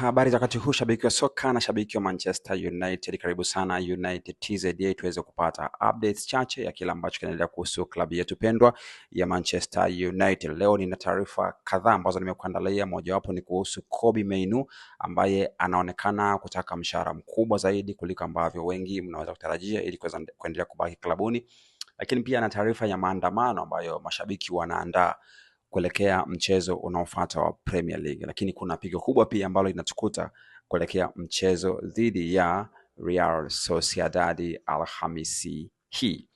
habari za wakati huu, shabiki wa soka na shabiki wa Manchester United, karibu sana United TZA tuweze kupata updates chache ya kile ambacho kinaendelea kuhusu klabu yetu pendwa ya Manchester United. Leo nina taarifa kadhaa ambazo nimekuandalia, mojawapo ni kuhusu Kobbie meinu ambaye anaonekana kutaka mshahara mkubwa zaidi kuliko ambavyo wengi mnaweza kutarajia ili kuendelea kubaki klabuni, lakini pia na taarifa ya maandamano ambayo mashabiki wanaandaa kuelekea mchezo unaofuata wa Premier League, lakini kuna pigo kubwa pia ambalo linatukuta kuelekea mchezo dhidi ya Real Sociedad Alhamisi hii.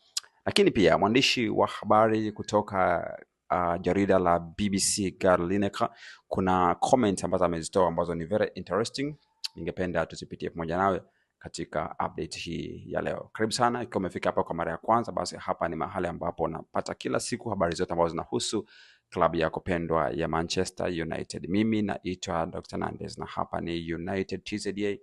Lakini pia mwandishi wa habari kutoka uh, jarida la BBC garlineka kuna comment ambazo amezitoa ambazo ni very interesting, ningependa tuzipitie pamoja nawe katika update hii ya leo. Karibu sana, ikiwa umefika hapa kwa mara ya kwanza, basi hapa ni mahali ambapo unapata kila siku habari zote ambazo zinahusu klabu yako pendwa ya Manchester United. Mimi naitwa Dr. Nandes na hapa ni United tzda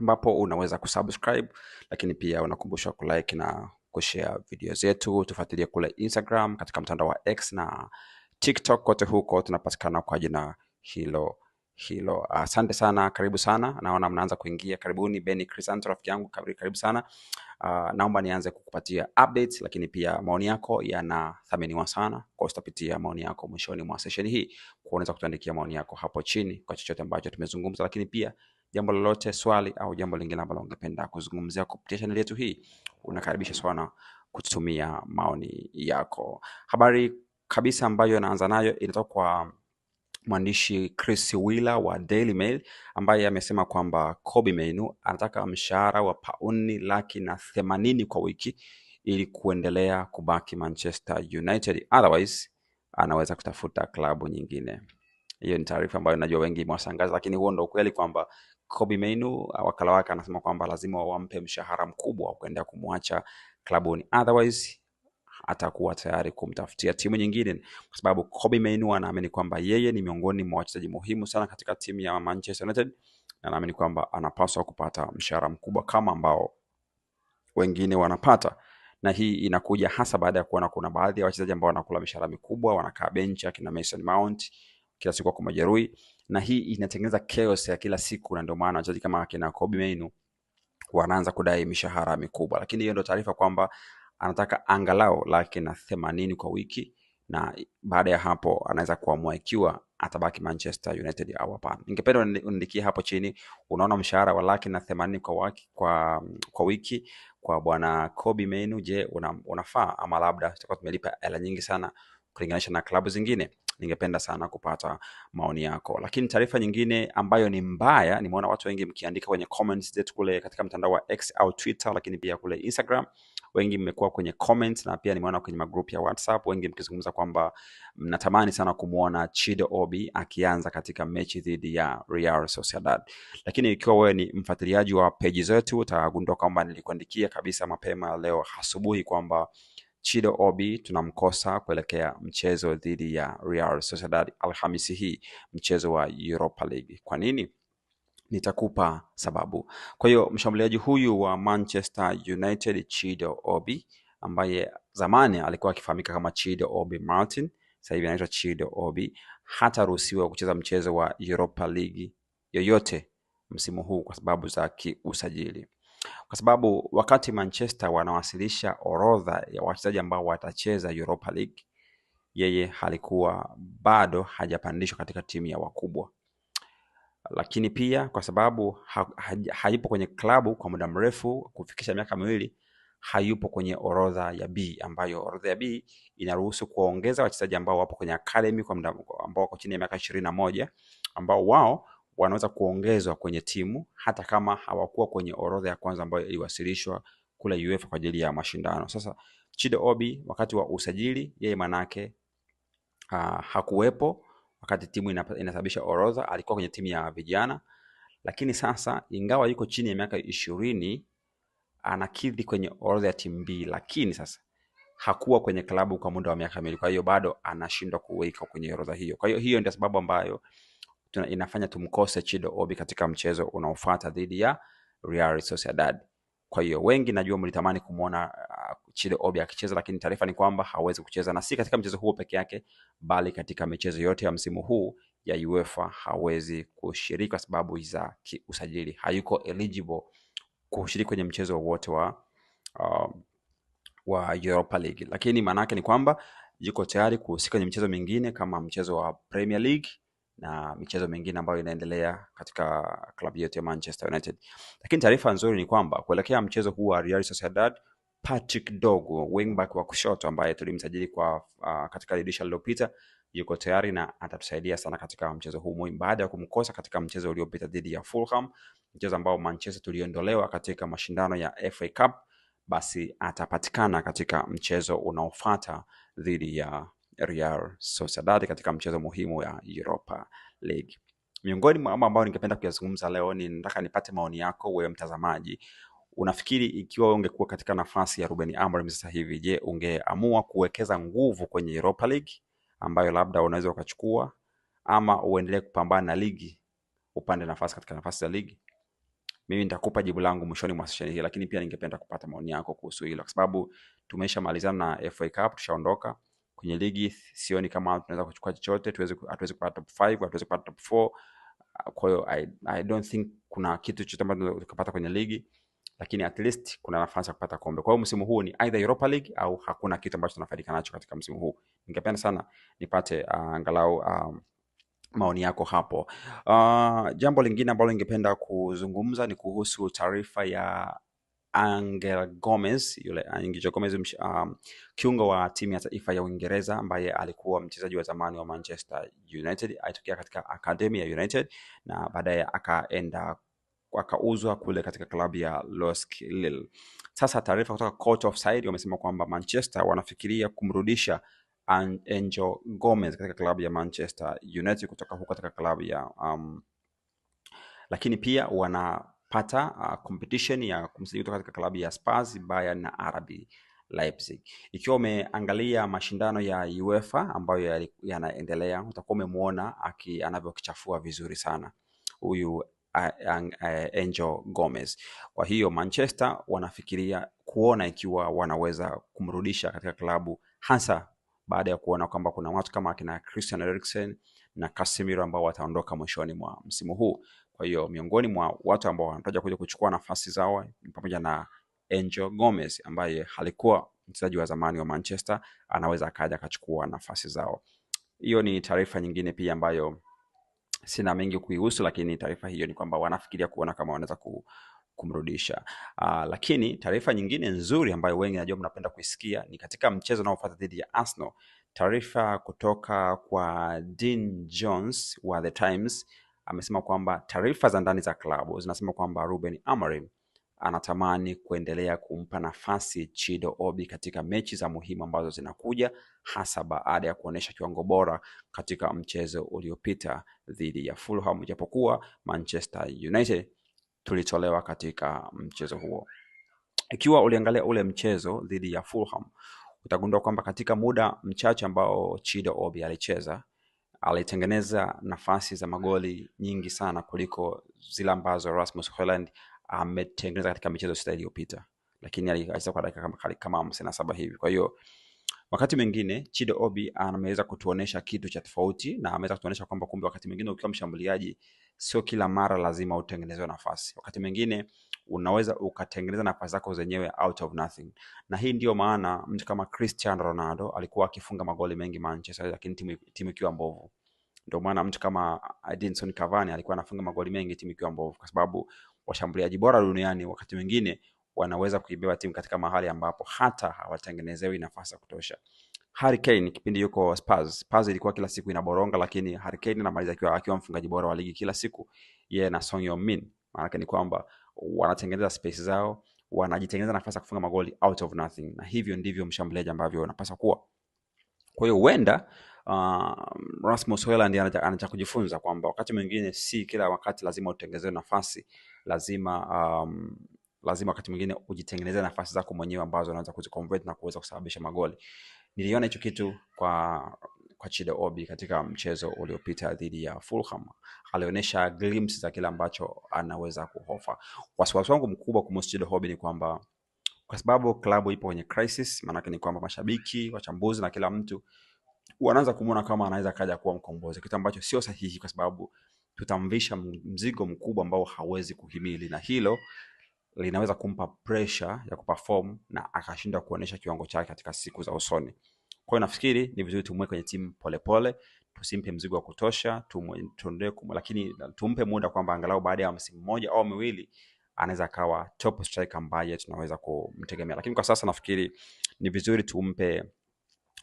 ambapo unaweza kusubscribe, lakini pia unakumbushwa kulike na kushare video zetu. Tufuatilie kule Instagram, katika mtandao wa X na TikTok, kote huko tunapatikana kwa jina hilo hilo. Ah, asante uh, sana, karibu sana. Naona mnaanza kuingia, karibuni. Beni Crisanto, rafiki yangu, karibu sana. Uh, naomba nianze kukupatia updates, lakini pia maoni yako yanathaminiwa sana. Kwa utapitia maoni yako mwishoni mwa session hii, kwa unaweza kutuandikia maoni yako hapo chini kwa chochote ambacho tumezungumza, lakini pia jambo lolote, swali au jambo lingine ambalo ungependa kuzungumzia kupitia chaneli yetu hii, unakaribisha sana kutumia maoni yako. Habari kabisa ambayo naanza nayo inatoka kwa mwandishi Chris Wheeler wa Daily Mail ambaye amesema kwamba Kobe Mainu anataka mshahara wa pauni laki na themanini kwa wiki ili kuendelea kubaki Manchester United, otherwise anaweza kutafuta klabu nyingine. Hiyo ni taarifa ambayo najua wengi imewashangaza, lakini huo ndo ukweli kwamba Kobe Mainu, wakala wake anasema kwamba lazima wampe mshahara mkubwa wa kuendelea kumwacha klabuni, otherwise atakuwa tayari kumtafutia timu nyingine, kwa sababu Kobbie Mainoo anaamini kwamba yeye ni miongoni mwa wachezaji muhimu sana katika timu ya Manchester United na anaamini kwamba anapaswa kupata mshahara mkubwa kama ambao wengine wanapata na hii inakuja hasa baada ya kuona kuna baadhi ya wachezaji ambao wanakula mishahara mikubwa, wanakaa benchi, akina Mason Mount kila siku kwa majeruhi, na hii inatengeneza chaos ya kila siku, na ndio maana wachezaji kama akina Kobbie Mainoo wanaanza kudai mishahara mikubwa. Lakini hiyo ndio taarifa kwamba anataka angalau laki na themanini kwa wiki, na baada ya hapo anaweza kuamua ikiwa atabaki Manchester United au hapana. Ningependa uniandikie hapo chini, unaona mshahara wa laki na themanini kwa, kwa, kwa wiki kwa bwana Kobbie menu je, una, unafaa ama labda tutakuwa tumelipa hela nyingi sana kulinganisha na klabu zingine? Ningependa sana kupata maoni yako. Lakini taarifa nyingine ambayo ni mbaya, nimeona watu wengi mkiandika kwenye comments zetu kule katika mtandao wa X au Twitter, lakini pia kule Instagram wengi mmekuwa kwenye comments na pia nimeona kwenye magrupu ya WhatsApp wengi mkizungumza kwamba mnatamani sana kumwona Chido Obi akianza katika mechi dhidi ya Real Sociedad. Lakini ikiwa wewe ni mfuatiliaji wa peji zetu utagundua kwamba nilikuandikia kabisa mapema leo asubuhi kwamba Chido Obi tunamkosa kuelekea mchezo dhidi ya Real Sociedad Alhamisi hii, mchezo wa Europa League. Kwa nini? nitakupa sababu. Kwa hiyo mshambuliaji huyu wa Manchester United Chido Obi ambaye zamani alikuwa akifahamika kama Chido Obi Martin, sasa hivi anaitwa Chido Obi, hataruhusiwa kucheza mchezo wa Europa League yoyote msimu huu kwa sababu za kiusajili, kwa sababu wakati Manchester wanawasilisha orodha ya wachezaji ambao watacheza Europa League, yeye halikuwa bado hajapandishwa katika timu ya wakubwa lakini pia kwa sababu ha, ha, hayupo kwenye klabu kwa muda mrefu kufikisha miaka miwili, hayupo kwenye orodha ya B ambayo orodha ya B inaruhusu kuwaongeza wachezaji ambao wapo kwenye academy kwa muda ambao wako chini ya miaka ishirini na moja ambao wao wanaweza kuongezwa kwenye timu hata kama hawakuwa kwenye orodha ya kwanza ambayo iliwasilishwa kule UEFA kwa ajili ya mashindano. Sasa Chido Obi wakati wa usajili yeye manake uh, hakuwepo wakati timu inasababisha orodha, alikuwa kwenye timu ya vijana, lakini sasa ingawa yuko chini ya miaka ishirini anakidhi kwenye orodha ya timu mbili lakini sasa hakuwa kwenye klabu kwa muda wa miaka miwili, kwa hiyo bado anashindwa kuweka kwenye orodha hiyo. Kwa hiyo hiyo ndio sababu ambayo tuna, inafanya tumkose Chido Obi katika mchezo unaofuata dhidi ya Real Sociedad. Kwa hiyo wengi najua mlitamani kumwona uh, Chile Obi akicheza, lakini taarifa ni kwamba hawezi kucheza, na si katika mchezo huo peke yake, bali katika michezo yote ya msimu huu ya UEFA hawezi kushiriki kwa sababu za usajili. Hayuko eligible kushiriki kwenye mchezo wowote wa uh, wa Europa League, lakini maana yake ni kwamba yuko tayari kuhusika kwenye michezo mingine kama mchezo wa Premier League na michezo mingine ambayo inaendelea katika klabu yetu ya Manchester United. Lakini taarifa nzuri ni kwamba kuelekea mchezo huu wa Real Sociedad, Patrick Dogo wingback wa kushoto ambaye tulimsajili kwa uh, katika dirisha lililopita yuko tayari na atatusaidia sana katika mchezo huu muhimu, baada ya kumkosa katika mchezo uliopita dhidi ya Fulham, mchezo ambao Manchester tuliondolewa katika mashindano ya FA Cup. Basi atapatikana katika mchezo unaofuata dhidi ya Real Sociedad katika mchezo muhimu ya Europa League. Miongoni mwa mambo ambayo ningependa kuyazungumza leo ni nataka nipate maoni yako wewe mtazamaji. Unafikiri ikiwa ungekuwa katika nafasi ya Ruben Amorim sasa hivi, je, ungeamua kuwekeza nguvu kwenye Europa League ambayo labda unaweza ukachukua ama uendelee kupambana na ligi upande nafasi katika nafasi za ligi? Mimi nitakupa jibu langu mwishoni mwa sesheni hii, lakini pia ningependa kupata maoni yako kuhusu hilo, kwa sababu tumeshamalizana na FA Cup, tushaondoka kwenye ligi sioni kama tunaweza kuchukua chochote, hatuwezi kupata top 5, hatuwezi kupata top 4. Kwa hiyo I, I don't think kuna kitu chochote ambacho tukapata kwenye ligi, lakini at least kuna nafasi ya kupata kombe. Kwa hiyo msimu huu ni either Europa League au hakuna kitu ambacho tunafaidika nacho katika msimu huu. Ningependa sana nipate uh, angalau um, maoni yako hapo. Uh, jambo lingine ambalo ningependa kuzungumza ni kuhusu taarifa ya Angela Gomez, yule Angel ah, Gomez um, kiungo wa timu ya taifa ya Uingereza ambaye alikuwa mchezaji wa zamani wa Manchester United, alitokea katika Academy ya United na baadaye akaenda akauzwa kule katika klabu ya LOSC Lille. Sasa taarifa kutoka Court side wamesema kwamba Manchester wanafikiria kumrudisha Angel Gomez katika klabu ya Manchester United kutoka huko katika klabu ya um, lakini pia wana pata uh, competition ya kumsajili kutoka katika klabu ya Spurs, Bayern na RB Leipzig. Ikiwa umeangalia mashindano ya UEFA ambayo yanaendelea ya utakuwa umemwona anavyokichafua vizuri sana huyu uh, uh, Angel Gomez. Kwa hiyo Manchester wanafikiria kuona ikiwa wanaweza kumrudisha katika klabu hasa baada ya kuona kwamba kuna watu kama akina Christian Eriksen na Casemiro ambao wataondoka mwishoni mwa msimu huu. Kwa hiyo miongoni mwa watu ambao wanataja kuja kuchukua nafasi zao ni pamoja na Angel Gomez ambaye alikuwa mchezaji wa zamani wa Manchester, anaweza akaja akachukua nafasi zao. Hiyo ni taarifa nyingine pia ambayo sina mengi kuihusu, lakini taarifa hiyo ni kwamba wanafikiria kuona kama wanaweza ku kumrudisha. Aa, ah, lakini taarifa nyingine nzuri ambayo wengi najua mnapenda kuisikia ni katika mchezo unaofuata dhidi ya Arsenal. Taarifa kutoka kwa Dean Jones wa The Times amesema kwamba taarifa za ndani za klabu zinasema kwamba Ruben Amorim anatamani kuendelea kumpa nafasi Chido Obi katika mechi za muhimu ambazo zinakuja, hasa baada ya kuonyesha kiwango bora katika mchezo uliopita dhidi ya Fulham, japokuwa Manchester United tulitolewa katika mchezo huo. Ikiwa uliangalia ule mchezo dhidi ya Fulham, utagundua kwamba katika muda mchache ambao Chido Obi alicheza alitengeneza nafasi za magoli nyingi sana kuliko zile ambazo Rasmus Hojlund ametengeneza katika michezo sita iliyopita, lakini alicheza kwa dakika kama hamsini na saba hivi. Kwa hiyo wakati mwingine Chido Obi ameweza kutuonesha kitu cha tofauti na ameweza kutuonesha kwamba kumbe wakati mwingine ukiwa mshambuliaji sio kila mara lazima utengenezewe nafasi, wakati mwingine unaweza ukatengeneza nafasi zako zenyewe out of nothing, na hii ndio maana mtu kama Cristiano Ronaldo alikuwa akifunga magoli mengi Manchester, lakini timu timu ikiwa mbovu. Ndio maana mtu kama Edinson Cavani alikuwa anafunga magoli mengi timu ikiwa mbovu, kwa sababu washambuliaji bora duniani wakati mwingine wanaweza kuibeba timu katika mahali ambapo hata hawatengenezewi nafasi ya kutosha. Harry Kane kipindi yuko Spurs, Spurs ilikuwa kila siku inaboronga, lakini Harry Kane anamaliza akiwa akiwa mfungaji bora wa ligi kila siku, yeye na Son Heung-min. Maana ni kwamba wanatengeneza space zao, wanajitengeneza nafasi ya kufunga magoli out of nothing, na hivyo ndivyo mshambuliaji ambavyo unapaswa kuwa. Kwa hiyo huenda uh, Rasmus Hojlund anacha kujifunza kwamba wakati mwingine si kila wakati lazima utengenezwe nafasi, lazima um, lazima wakati mwingine ujitengeneze nafasi zako mwenyewe ambazo unaweza kuzi na kuweza kusababisha magoli. Niliona hicho kitu kwa Kwachida Obi katika mchezo uliopita dhidi ya Fulham alionyesha za kile ambacho anaweza kuhofa. Wasiwasi wangu mkubwa kwa Kwachida Obi ni kwamba kwa sababu klabu ipo kwenye crisis, maanake ni kwamba mashabiki, wachambuzi na kila mtu wanaanza kumuona kama anaweza kaja kuwa mkombozi, kitu ambacho sio sahihi, kwa sababu tutamvisha mzigo mkubwa ambao hawezi kuhimili, na hilo linaweza kumpa pressure ya kuperform na akashindwa kuonyesha kiwango chake katika siku za usoni. Kwa hiyo nafikiri ni vizuri tumue kwenye timu polepole pole, tusimpe mzigo wa kutosha tuende, lakini tumpe muda kwamba angalau baada ya msimu mmoja au miwili anaweza akawa top striker ambaye tunaweza kumtegemea, lakini kwa sasa nafikiri ni vizuri tumpe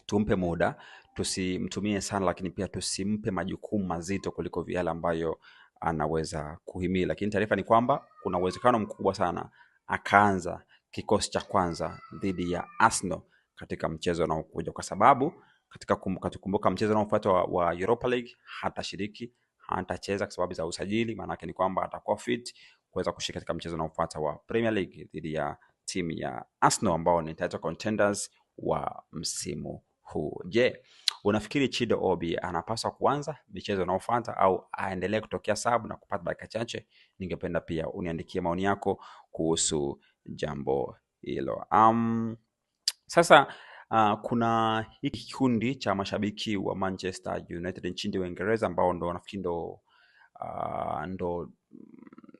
tumpe muda, tusimtumie sana, lakini pia tusimpe majukumu mazito kuliko yale ambayo anaweza kuhimili. Lakini taarifa ni kwamba kuna uwezekano mkubwa sana akaanza kikosi cha kwanza dhidi ya Arsenal katika mchezo unaokuja, kwa sababu katika kumbuka mchezo unaofuata wa, wa Europa League hatashiriki, hatacheza kwa sababu za usajili. Maana ni kwamba atakuwa fit kuweza kushiriki katika mchezo unaofuata wa Premier League dhidi ya timu ya Arsenal ambao ni title contenders wa msimu huu. Je, unafikiri Chido Obi anapaswa kuanza michezo unaofuata au aendelee kutokea sabu na kupata dakika chache? Ningependa pia uniandikie maoni yako kuhusu jambo hilo. Um, sasa uh, kuna hiki kikundi cha mashabiki wa Manchester United nchini Uingereza ambao ndo nafikiri ndo uh, ndo mm,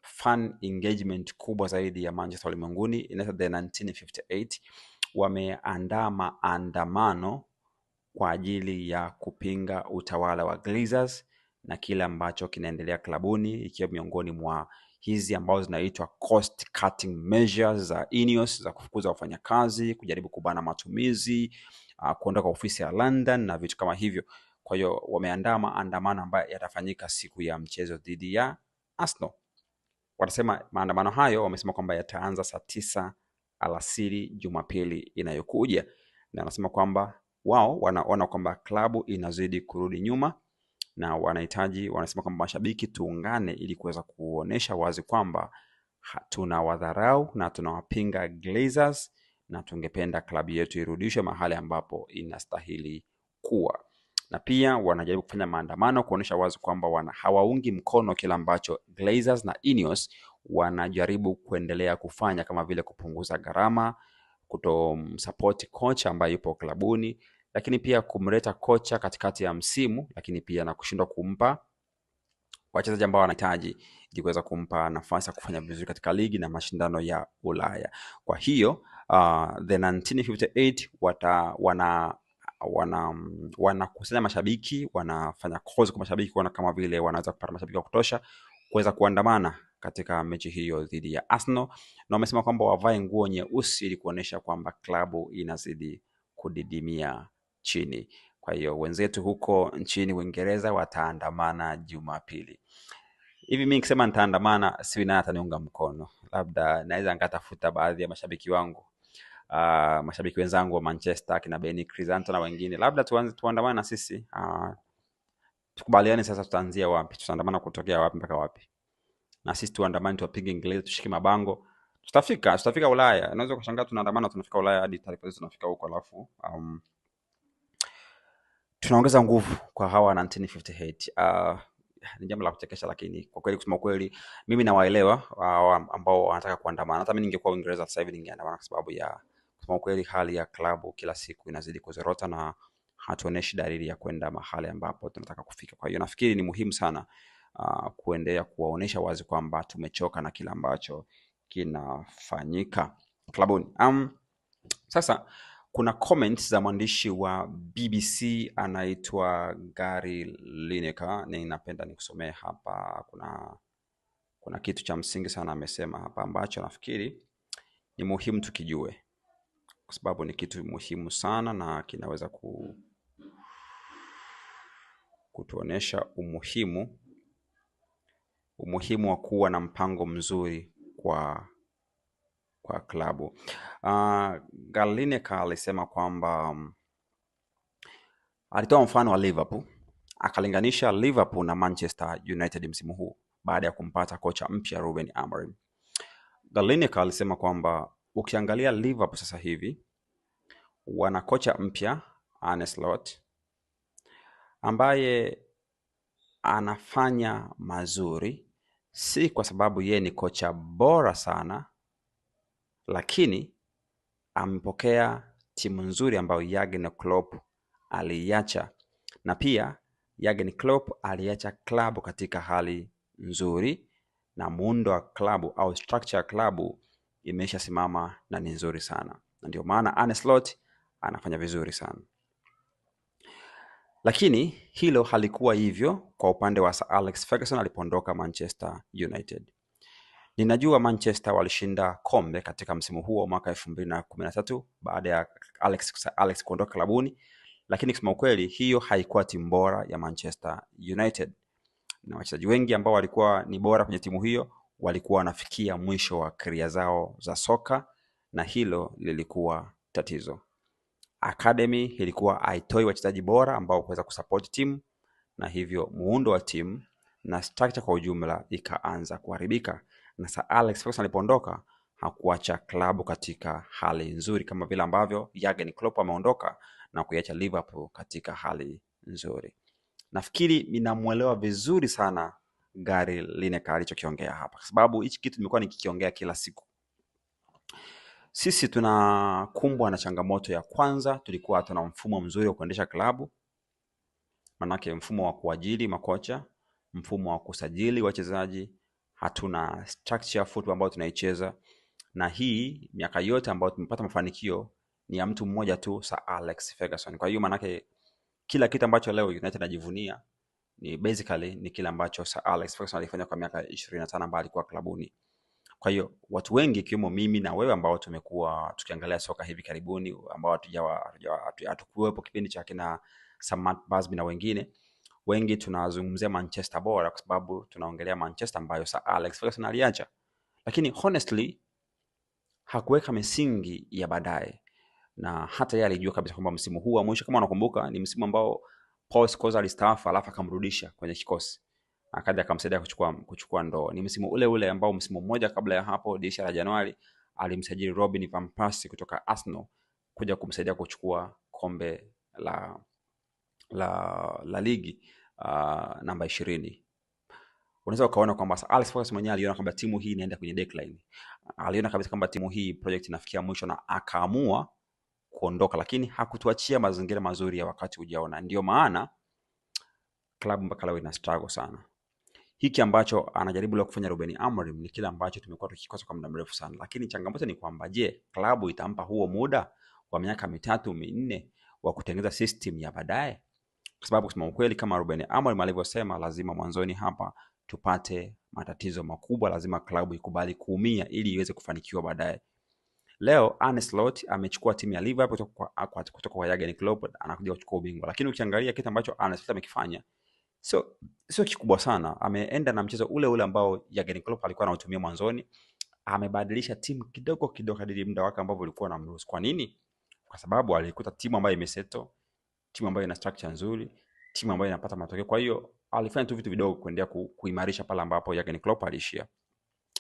fan engagement kubwa zaidi ya Manchester ulimwenguni inaitwa the 1958 wameandaa maandamano kwa ajili ya kupinga utawala wa Glazers na kile ambacho kinaendelea klabuni ikiwa miongoni mwa hizi ambazo zinaitwa cost cutting measures za INEOS za kufukuza wafanyakazi, kujaribu kubana matumizi, uh, kuondoka ofisi ya London na vitu kama hivyo. Kwa hiyo wameandaa maandamano ambayo yatafanyika siku ya mchezo dhidi ya Arsenal. Wanasema maandamano hayo, wamesema kwamba yataanza saa tisa alasiri Jumapili inayokuja, na wanasema kwamba wao wanaona kwamba klabu inazidi kurudi nyuma na wanahitaji, wanasema kwamba mashabiki tuungane ili kuweza kuonesha wazi kwamba tunawadharau na tunawapinga Glazers na tungependa klabu yetu irudishwe mahali ambapo inastahili kuwa. Na pia wanajaribu kufanya maandamano kuonesha wazi kwamba wana hawaungi mkono kile ambacho Glazers na Ineos wanajaribu kuendelea kufanya kama vile kupunguza gharama, kutomsapoti kocha ambaye yupo klabuni lakini pia kumleta kocha katikati ya msimu, lakini pia na kushindwa kumpa wachezaji ambao wanahitaji ili kuweza kumpa nafasi ya kufanya vizuri katika ligi na mashindano ya Ulaya. Kwa hiyo uh, the 1958 wata wana wanakusanya wana, wanakusanya mashabiki wanafanya kozi kwa mashabiki kuona kama vile wanaweza kupata mashabiki wa kutosha kuweza kuandamana katika mechi hiyo dhidi ya Arsenal, na wamesema kwamba wavae nguo nyeusi ili kuonyesha kwamba klabu inazidi kudidimia chini. Kwa hiyo wenzetu huko nchini Uingereza wataandamana Jumapili. Hivi mimi nikisema nitaandamana, siwi nani ataniunga mkono. Labda naweza nikatafuta baadhi ya mashabiki wangu Uh, mashabiki wenzangu wa Manchester kina Beni Crisanto na wengine, labda tuanze tuandamane na sisi uh, tukubaliane sasa, tutaanzia wapi? Tutaandamana kutokea wapi mpaka wapi? Na sisi tuandamane, tuwapige Ingereza, tushike mabango, tutafika tutafika Ulaya. Unaweza kushangaa tunaandamana tunafika Ulaya hadi taarifa zetu tunafika huko, alafu um, tunaongeza nguvu kwa hawa 1958 uh, ah, ni jambo la kuchekesha, lakini kwa kweli, kusema kweli, mimi nawaelewa uh, ambao wanataka kuandamana. Hata mimi ningekuwa Uingereza sasa hivi ningeandamana, kwa sababu ya kusema kweli, hali ya klabu kila siku inazidi kuzorota na hatuoneshi dalili ya kwenda mahali ambapo tunataka kufika. Kwa hiyo nafikiri ni muhimu sana uh, kuendelea kuwaonesha wazi kwamba tumechoka na kile ambacho kinafanyika klabuni. Um, sasa kuna comment za mwandishi wa BBC anaitwa Gary Lineker, ninapenda nikusomee hapa. Kuna, kuna kitu cha msingi sana amesema hapa ambacho nafikiri ni muhimu tukijue, kwa sababu ni kitu muhimu sana na kinaweza ku, kutuonesha umuhimu umuhimu wa kuwa na mpango mzuri kwa kwa klabu. Uh, ah, galineka alisema kwamba um, alitoa mfano wa Liverpool akalinganisha Liverpool na Manchester United msimu huu baada ya kumpata kocha mpya Ruben Amorim. galineka alisema kwamba ukiangalia Liverpool sasa hivi wana kocha mpya aneslot ambaye anafanya mazuri, si kwa sababu yeye ni kocha bora sana, lakini amepokea timu nzuri ambayo Jurgen Klopp aliiacha, na pia Jurgen Klopp aliacha klabu katika hali nzuri, na muundo wa klabu au structure ya klabu imeisha simama na ni nzuri sana, na ndio maana Arne Slot anafanya vizuri sana. Lakini hilo halikuwa hivyo kwa upande wa Sir Alex Ferguson alipoondoka Manchester United. Ninajua Manchester walishinda kombe katika msimu huo mwaka elfu mbili na kumi na tatu baada ya Alex, Alex kuondoka klabuni, lakini kusema ukweli hiyo haikuwa timu bora ya Manchester United na wachezaji wengi ambao walikuwa ni bora kwenye timu hiyo walikuwa wanafikia mwisho wa kiria zao za soka na hilo lilikuwa tatizo. Academy ilikuwa aitoi wachezaji bora ambao kuweza kusapoti timu na hivyo muundo wa timu na structure kwa ujumla ikaanza kuharibika na Sir Alex Ferguson alipoondoka hakuacha klabu katika hali nzuri kama vile ambavyo Jurgen Klopp ameondoka na kuiacha Liverpool katika hali nzuri. Nafikiri ninamuelewa vizuri sana Gary Lineker alichokiongea hapa, kwa sababu hichi kitu nimekuwa nikikiongea kila siku. Sisi tunakumbwa na changamoto ya kwanza, tulikuwa tuna mfumo mzuri wa kuendesha klabu, manake mfumo wa kuajiri makocha, mfumo wa kusajili wachezaji hatuna structure football ambayo tunaicheza, na hii miaka yote ambayo tumepata mafanikio ni ya mtu mmoja tu, sa Alex Ferguson. Kwa hiyo maanake kila kitu ambacho leo United anajivunia ni basically ni kile ambacho sa Alex Ferguson alifanya kwa miaka 25 ambayo alikuwa klabuni. Kwa hiyo watu wengi ikiwemo mimi na wewe ambao tumekuwa tukiangalia soka hivi karibuni ambao hatukuwepo kipindi cha kina Sam na wengine wengi tunazungumzia Manchester bora kwa sababu tunaongelea Manchester ambayo sa Alex Ferguson aliacha, lakini honestly hakuweka misingi ya baadaye, na hata yeye alijua kabisa kwamba msimu huu wa mwisho, kama unakumbuka, ni msimu ambao Paul Scholes alistaafu alafu akamrudisha kwenye kikosi akaja akamsaidia kuchukua, kuchukua ndoo. Ni msimu ule ule ambao msimu mmoja kabla ya hapo, dirisha la Januari, alimsajili Robin van Persie kutoka Arsenal kuja kumsaidia kuchukua kombe la la, la ligi uh, namba ishirini unaweza ukaona kwamba Alex Ferguson mwenyewe aliona kwamba timu hii inaenda kwenye decline. Aliona kabisa kwamba timu hii project inafikia mwisho na akaamua kuondoka, lakini hakutuachia mazingira mazuri ya wakati ujaona. Ndio maana klabu mpaka leo ina struggle sana. Hiki ambacho anajaribu leo kufanya Ruben Amorim ni kile ambacho tumekuwa tukikosa kwa muda mrefu sana, lakini changamoto ni kwamba, je, klabu itampa huo muda wa miaka mitatu minne wa kutengeneza system ya baadaye? kwa sababu kusema ukweli, kama Ruben Amorim alivyosema, lazima mwanzoni hapa tupate matatizo makubwa, lazima klabu ikubali kuumia ili iweze kufanikiwa baadaye. Leo Arne Slot amechukua timu ya Liverpool kutoka kwa, kutoka kwa Jurgen Klopp, anakuja kuchukua ubingwa, lakini ukiangalia kitu ambacho Arne Slot amekifanya sio sio kikubwa sana. Ameenda na mchezo ule ule ambao Jurgen Klopp alikuwa anautumia mwanzoni, amebadilisha timu kidogo kidogo kadiri muda wake ambavyo ulikuwa na mruhusu. Kwa nini? Kwa sababu alikuta timu ambayo imeseto timu ambayo ina structure nzuri, timu ambayo inapata matokeo. Kwa hiyo alifanya tu vitu vidogo kuendelea ku, kuimarisha pale ambapo Jurgen Klopp alishia.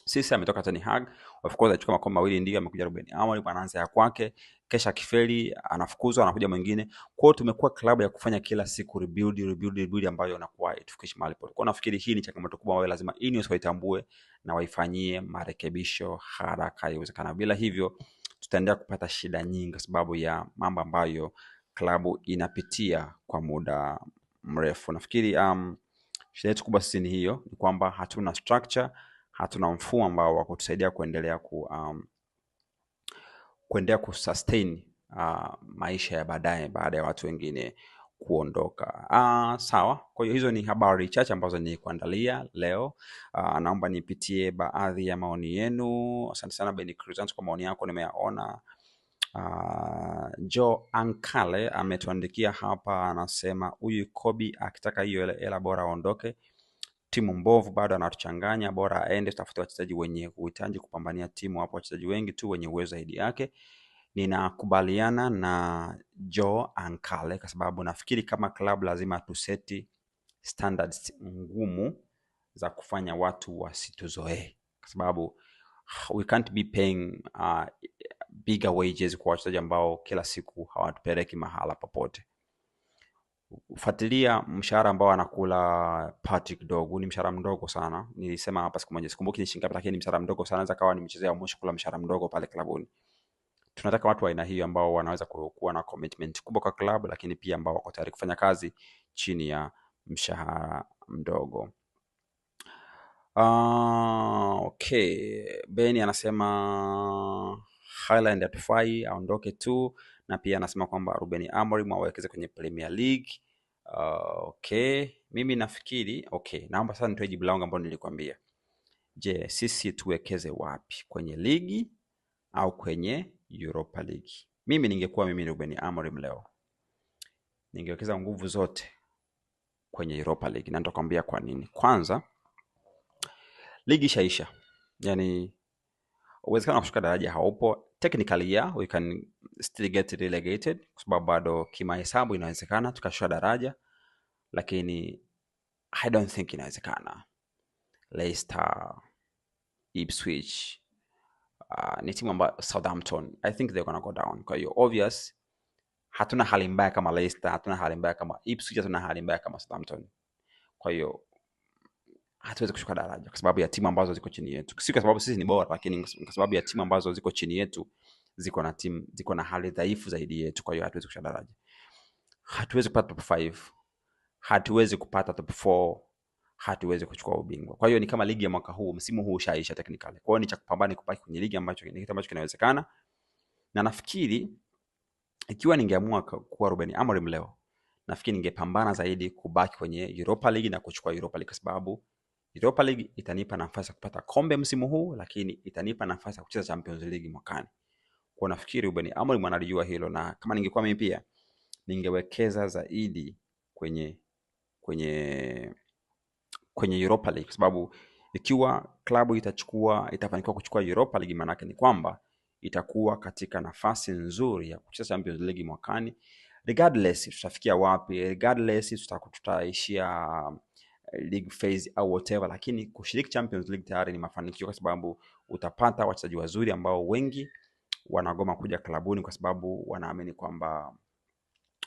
Sisi ametoka Ten Hag, of course alichukua makombe mawili ndio amekuja Ruben Amorim anaanza ya kwake, kesha kifeli anafukuzwa anakuja mwingine. Kwa hiyo tumekuwa klabu ya kufanya kila siku rebuild rebuild rebuild ambayo inakuwa itufikishe mahali pote Kwa nafikiri hii ni changamoto kubwa ambayo lazima Ineos waitambue na waifanyie marekebisho haraka iwezekana. Bila hivyo tutaendelea kupata shida nyingi kwa sababu ya mambo ambayo klabu inapitia kwa muda mrefu. Nafikiri um, shida yetu kubwa sisi ni hiyo, ni kwamba hatuna structure, hatuna mfumo ambao wa kutusaidia kuendelea ku um, kuendelea kusustain uh, maisha ya baadaye baada ya watu wengine kuondoka. Uh, sawa. Kwa hiyo hizo ni habari chache ambazo nikuandalia leo. Uh, naomba nipitie baadhi ya maoni yenu. Asante sana Ben Cruzant kwa maoni yako nimeyaona. Uh, ah, jo Ankale ametuandikia hapa, anasema huyu Kobi akitaka hiyo hela bora aondoke timu mbovu, bado anatuchanganya, bora aende tafute wachezaji wenye uhitaji kupambania timu. Hapo wachezaji wengi tu wenye uwezo zaidi yake. Ninakubaliana na jo Ankale kwa sababu nafikiri kama klabu lazima tuseti standards ngumu za kufanya watu wasituzoee, kwa sababu we can't be paying uh, bigger wages kwa wachezaji ambao kila siku hawatupeleki mahala popote. Fuatilia mshahara ambao anakula Patrick Dogu, ni mshahara mdogo sana. Nilisema hapa siku moja, sikumbuki ni shingapi, lakini ni mshahara mdogo sana, anaweza kawa ni mchezaji wa mwisho kula mshahara mdogo pale klabuni. Tunataka watu wa aina hiyo ambao wanaweza kuwa na commitment kubwa kwa club lakini pia ambao wako tayari kufanya kazi chini ya mshahara mdogo. Uh, okay. Beni anasema Haaland atufai aondoke tu, na pia anasema kwamba Ruben Amorim awekeze kwenye Premier League. Uh, okay, mimi nafikiri okay, naomba sasa nitoe jibu langu ambalo nilikwambia. Je, sisi tuwekeze wapi, kwenye ligi au kwenye Europa League? Mimi ningekuwa mimi Ruben Amorim leo ningewekeza nguvu zote kwenye Europa League na nitakwambia kwa nini. Kwanza ligi shaisha yani uwezekano wa kushuka daraja haupo technically, yeah, we can still get relegated kwa sababu bado kimahesabu inawezekana tukashuka daraja, lakini I don't think inawezekana. Leicester, Ipswich uh, ni timu ambayo Southampton, I think they're gonna go down. Kwa hiyo obvious, hatuna hali mbaya kama Leicester, hatuna hali mbaya kama Ipswich, hatuna hali mbaya kama Southampton. Kwa hiyo hatuwezi kushuka daraja kwa sababu ya timu ambazo ziko chini yetu, si kwa sababu sisi ni bora, lakini kwa sababu ya timu ambazo ziko chini yetu ziko na timu ziko na hali dhaifu zaidi yetu, kwa hiyo hatuwezi kushuka daraja. Hatuwezi kupata top 5, hatuwezi kupata top 4, hatuwezi kuchukua ubingwa. Kwa hiyo ni kama ligi ya mwaka huu, msimu huu ushaisha technically. Kwa hiyo ni cha kupambana kupaki kwenye ligi ambacho ni kitu ambacho kinawezekana, na nafikiri ikiwa ningeamua kuwa Ruben Amorim leo, nafikiri ningepambana zaidi kubaki kwenye Europa League na kuchukua Europa League kwa sababu Europa League itanipa nafasi ya kupata kombe msimu huu, lakini itanipa nafasi ya kucheza Champions League mwakani. Kwa nafikiri Ruben Amorim analijua hilo, na kama ningekuwa mimi pia ningewekeza zaidi kwenye kwenye kwenye Europa League, kwa sababu ikiwa klabu itachukua itafanikiwa kuchukua Europa League, maana yake ni kwamba itakuwa katika nafasi nzuri ya kucheza Champions League mwakani, regardless tutafikia wapi, regardless tutaishia league phase au whatever, lakini kushiriki Champions League tayari ni mafanikio, kwa sababu utapata wachezaji wazuri ambao wengi wanagoma kuja klabuni kwa sababu wanaamini kwamba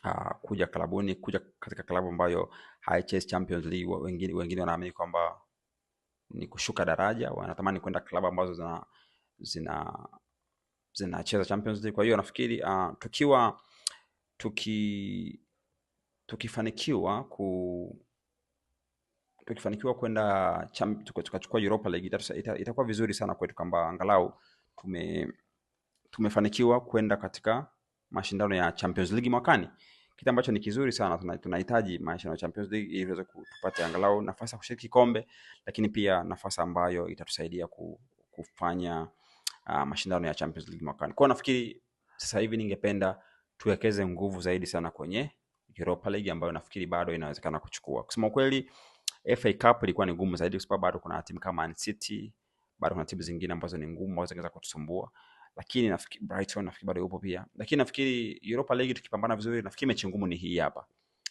uh, kuja klabuni, kuja katika klabu ambayo haichezi Champions League, wengine wengine wanaamini kwamba ni kushuka daraja, wanatamani kwenda klabu ambazo zina zina zinacheza Champions League. Kwa hiyo nafikiri uh, tukiwa tuki tukifanikiwa ku tukifanikiwa kwenda tukachukua Europa League itakuwa ita, ita vizuri sana kwetu kwamba angalau tume, tumefanikiwa kwenda katika mashindano ya Champions League mwakani, kitu ambacho ni kizuri sana. Tunahitaji mashindano ya Champions League ili tuweze kupata angalau nafasi ya kushiriki kombe, lakini pia nafasi ambayo itatusaidia ku, kufanya uh, mashindano ya Champions League mwakani. Kwa nafikiri sasa hivi ningependa tuwekeze nguvu zaidi sana kwenye Europa League ambayo nafikiri bado inawezekana kuchukua. Kusema kweli FA Cup ilikuwa ni ngumu zaidi, kwa sababu bado kuna timu kama Man City, bado kuna timu zingine ambazo ni ngumu ambazo zinaweza kutusumbua, lakini nafikiri Brighton nafikiri bado yupo pia, lakini nafikiri Europa League tukipambana vizuri, nafikiri mechi ngumu ni hii hapa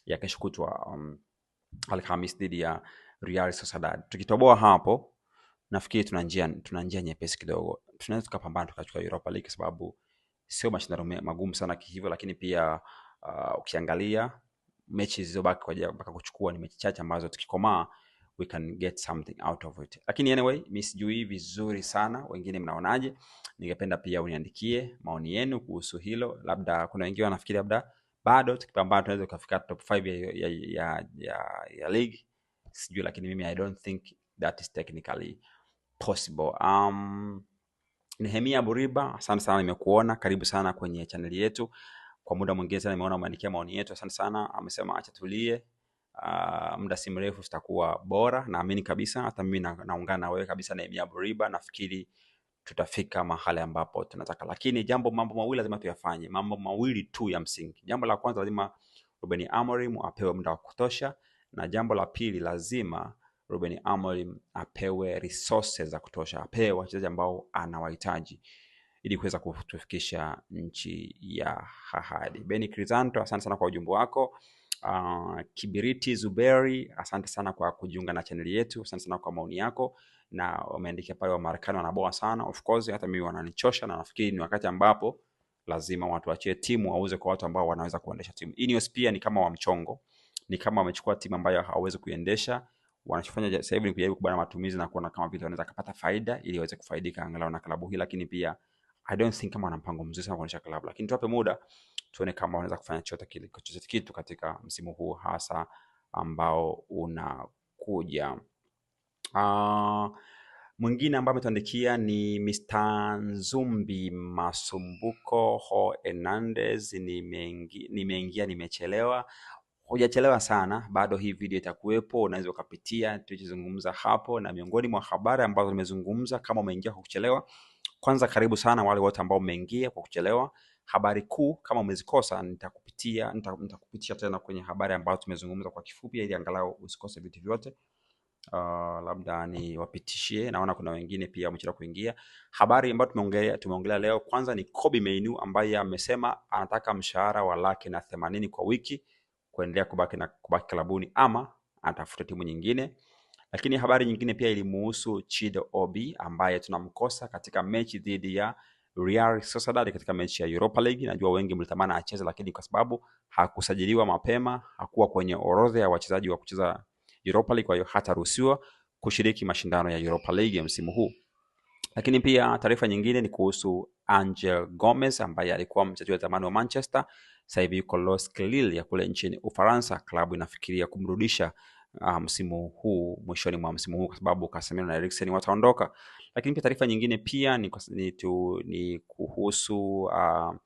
ya kesho kutwa, um, Alhamis dhidi ya Real Sociedad. Tukitoboa hapo nafikiri tuna njia tuna njia nyepesi kidogo, tunaweza tukapambana tukachukua Europa League, sababu sio mashindano magumu sana kihivyo, lakini pia uh, ukiangalia mechi zilizobaki kwa ajili mpaka kuchukua ni mechi chache ambazo tukikomaa we can get something out of it. Lakini anyway, mimi sijui vizuri sana, wengine mnaonaje? Ningependa pia uniandikie maoni yenu kuhusu hilo. Labda kuna wengine wanafikiri labda bado tukipambana tunaweza kufika top 5 ya, ya, ya, ya, ya league sijui, lakini mimi I don't think that is technically possible. Um, Nehemia Buriba, asante sana, nimekuona. Karibu sana kwenye chaneli yetu kwa muda mwingine tena nimeona ameandikia maoni yetu, asante sana. Amesema acha tulie, uh, muda si mrefu zitakuwa bora. Naamini kabisa, hata mimi naungana na wewe kabisa na Emia nafikiri tutafika mahali ambapo tunataka, lakini jambo mambo mawili lazima tuyafanye, mambo mawili tu ya msingi. Jambo la kwanza lazima Ruben Amorim apewe muda wa kutosha, na jambo la pili lazima Ruben Amorim apewe resources za kutosha, apewe wachezaji ambao anawahitaji ili kuweza kutufikisha nchi ya hahadi beni Crisanto, asante sana kwa ujumbe wako. Uh, Kibiriti Zuberi, asante sana kwa kujiunga na chaneli yetu, asante sana kwa maoni yako na wameandikia pale, Wamarekani wanaboa sana. Of course hata mimi wananichosha, na nafikiri ni wakati ambapo lazima watu wachie timu wauze kwa watu ambao wanaweza kuendesha timu. Ineos pia ni kama wa mchongo, ni kama wamechukua timu ambayo hawawezi kuiendesha. Wanachofanya sasa hivi ni kujaribu kubana matumizi na kuona kama vile wanaweza kupata faida ili waweze kufaidika angalau na klabu hii, lakini pia I don't think kama wana mpango mzuri sana kuonyesha klabu, lakini tuwape muda tuone kama wanaweza kufanya chochote kitu katika msimu huu hasa ambao unakuja. Uh, mwingine ambaye ametuandikia ni Mr. Nzumbi Masumbuko Ho Hernandez, nimeingia ni nimechelewa. Hujachelewa sana, bado hii video itakuwepo, unaweza ukapitia tulichozungumza hapo na miongoni mwa habari ambazo nimezungumza, kama umeingia kwa kuchelewa kwanza karibu sana wale wote ambao mmeingia kwa kuchelewa. Habari kuu kama umezikosa, nitakupitia nitakupitisha tena kwenye habari ambazo tumezungumza kwa kifupi, ili angalau usikose vitu vyote. Uh, labda niwapitishie, naona kuna wengine pia wamechelewa kuingia. Habari ambayo tumeongelea tumeongelea leo kwanza ni Kobe Mainu ambaye amesema anataka mshahara wa laki na themanini kwa wiki kuendelea kubaki na kubaki klabuni ama atafuta timu nyingine. Lakini habari nyingine pia ilimuhusu chid Obi ambaye tunamkosa katika mechi dhidi ya Real Sociedad katika mechi ya Europa League. Najua wengi mlitamani acheze, lakini kwa sababu hakusajiliwa mapema, hakuwa kwenye orodha ya wachezaji wa kucheza Europa League, kwa hiyo hataruhusiwa kushiriki mashindano ya Europa League ya msimu huu. Lakini pia taarifa nyingine ni kuhusu Angel Gomez ambaye alikuwa mchezaji wa zamani wa Manchester, sasa hivi yuko Los clil ya kule nchini Ufaransa. Klabu inafikiria kumrudisha uh, msimu huu mwishoni mwa msimu huu, kwa sababu Casemiro na Eriksen wataondoka. Lakini pia taarifa nyingine pia ni, ni, tu, ni kuhusu uh, ah,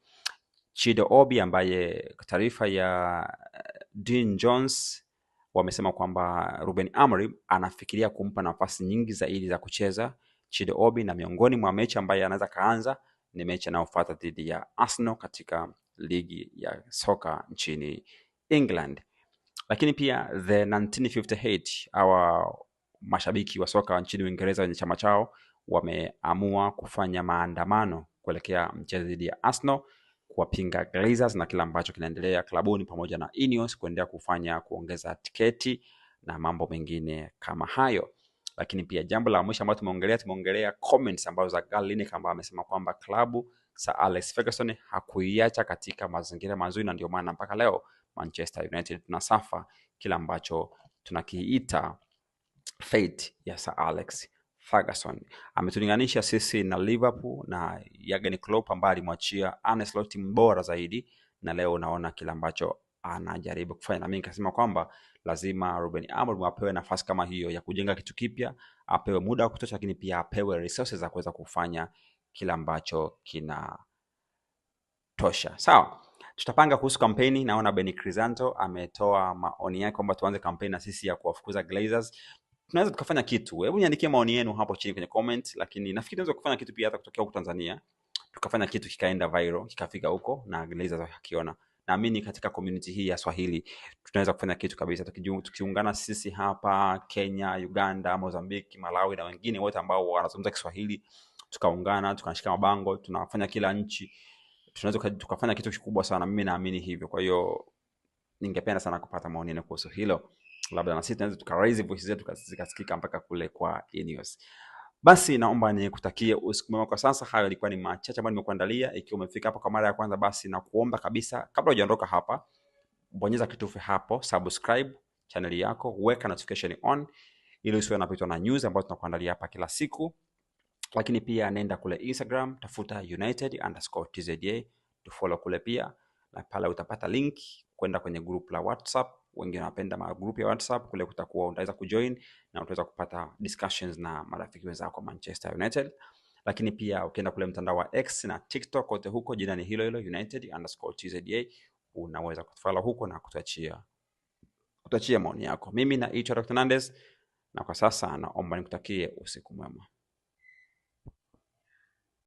Chido Obi ambaye taarifa ya eh, Dean Jones wamesema kwamba Ruben Amorim anafikiria kumpa nafasi nyingi zaidi za kucheza Chido Obi, na miongoni mwa mechi ambaye anaweza kaanza ni mechi anayofuata dhidi ya Arsenal katika ligi ya soka nchini England. Lakini pia the 1958 awa mashabiki wa soka nchini Uingereza wenye chama chao wameamua kufanya maandamano kuelekea mchezo dhidi ya Arsenal kuwapinga Glazers na kila ambacho kinaendelea klabuni pamoja na Ineos kuendelea kufanya kuongeza tiketi na mambo mengine kama hayo. Lakini pia jambo la mwisho ambalo tumeongelea, tumeongelea comments ambazo za Gary amesema kwamba klabu sa Alex Ferguson hakuiacha katika mazingira mazuri, na ndio maana mpaka leo Manchester United safa kile ambacho tunakiita fate ya Sir Alex Ferguson. Ametulinganisha sisi na Liverpool na Jurgen Klopp ambaye alimwachia Arne Slot mbora zaidi, na leo unaona kile ambacho anajaribu kufanya, na mimi nikasema kwamba lazima Ruben Amorim apewe nafasi kama hiyo ya kujenga kitu kipya, apewe muda wa kutosha, lakini pia apewe resources za kuweza kufanya kile ambacho kinatosha. Sawa tutapanga kuhusu kampeni. Naona Ben Crisanto ametoa maoni yake kwamba tuanze kampeni na sisi ya kuwafukuza glazers. Tunaweza tukafanya kitu, hebu niandikie maoni yenu hapo chini kwenye comment, lakini nafikiri tunaweza kufanya kitu pia hata kutokea huko Tanzania, tukafanya kitu kikaenda viral kikafika huko na glazers wakiona Naamini katika community hii ya Swahili tunaweza kufanya kitu kabisa, tukiungana sisi hapa Kenya, Uganda, Mozambiki, Malawi na wengine wote ambao wanazungumza Kiswahili, tukaungana, tukashika mabango, tunafanya kila nchi tunaweza tukafanya kitu kikubwa sana. Mimi naamini hivyo, kwa hiyo ningependa sana kupata maoni yenu kuhusu hilo, labda na sisi tunaweza tuka raise voice zetu zikasikika mpaka kule kwa Ineos. Basi naomba nikutakie usiku mwema kwa sasa. Hayo ilikuwa ni machache ambayo nimekuandalia. Ikiwa umefika hapo kwa mara ya kwanza, basi nakuomba kabisa, kabla hujaondoka hapa, bonyeza kitufe hapo subscribe channel yako, weka notification on ili usiwe unapitwa na news ambazo tunakuandalia hapa kila siku lakini pia nenda kule Instagram, tafuta united underscore tzj tufollow kule pia, na pale utapata link kwenda kwenye group la WhatsApp. Wengine wanapenda magroup ya WhatsApp, kule kutakuwa utaweza kujoin na utaweza kupata discussions na marafiki wenzako wa Manchester United. Lakini pia ukienda kule mtandao wa X na TikTok, kote huko jina ni hilo hilo united underscore tzj, unaweza kutufollow huko na kutuachia kutuachia maoni yako. Mimi naitwa Dr. Nandes na kwa sasa naomba nikutakie usiku mwema.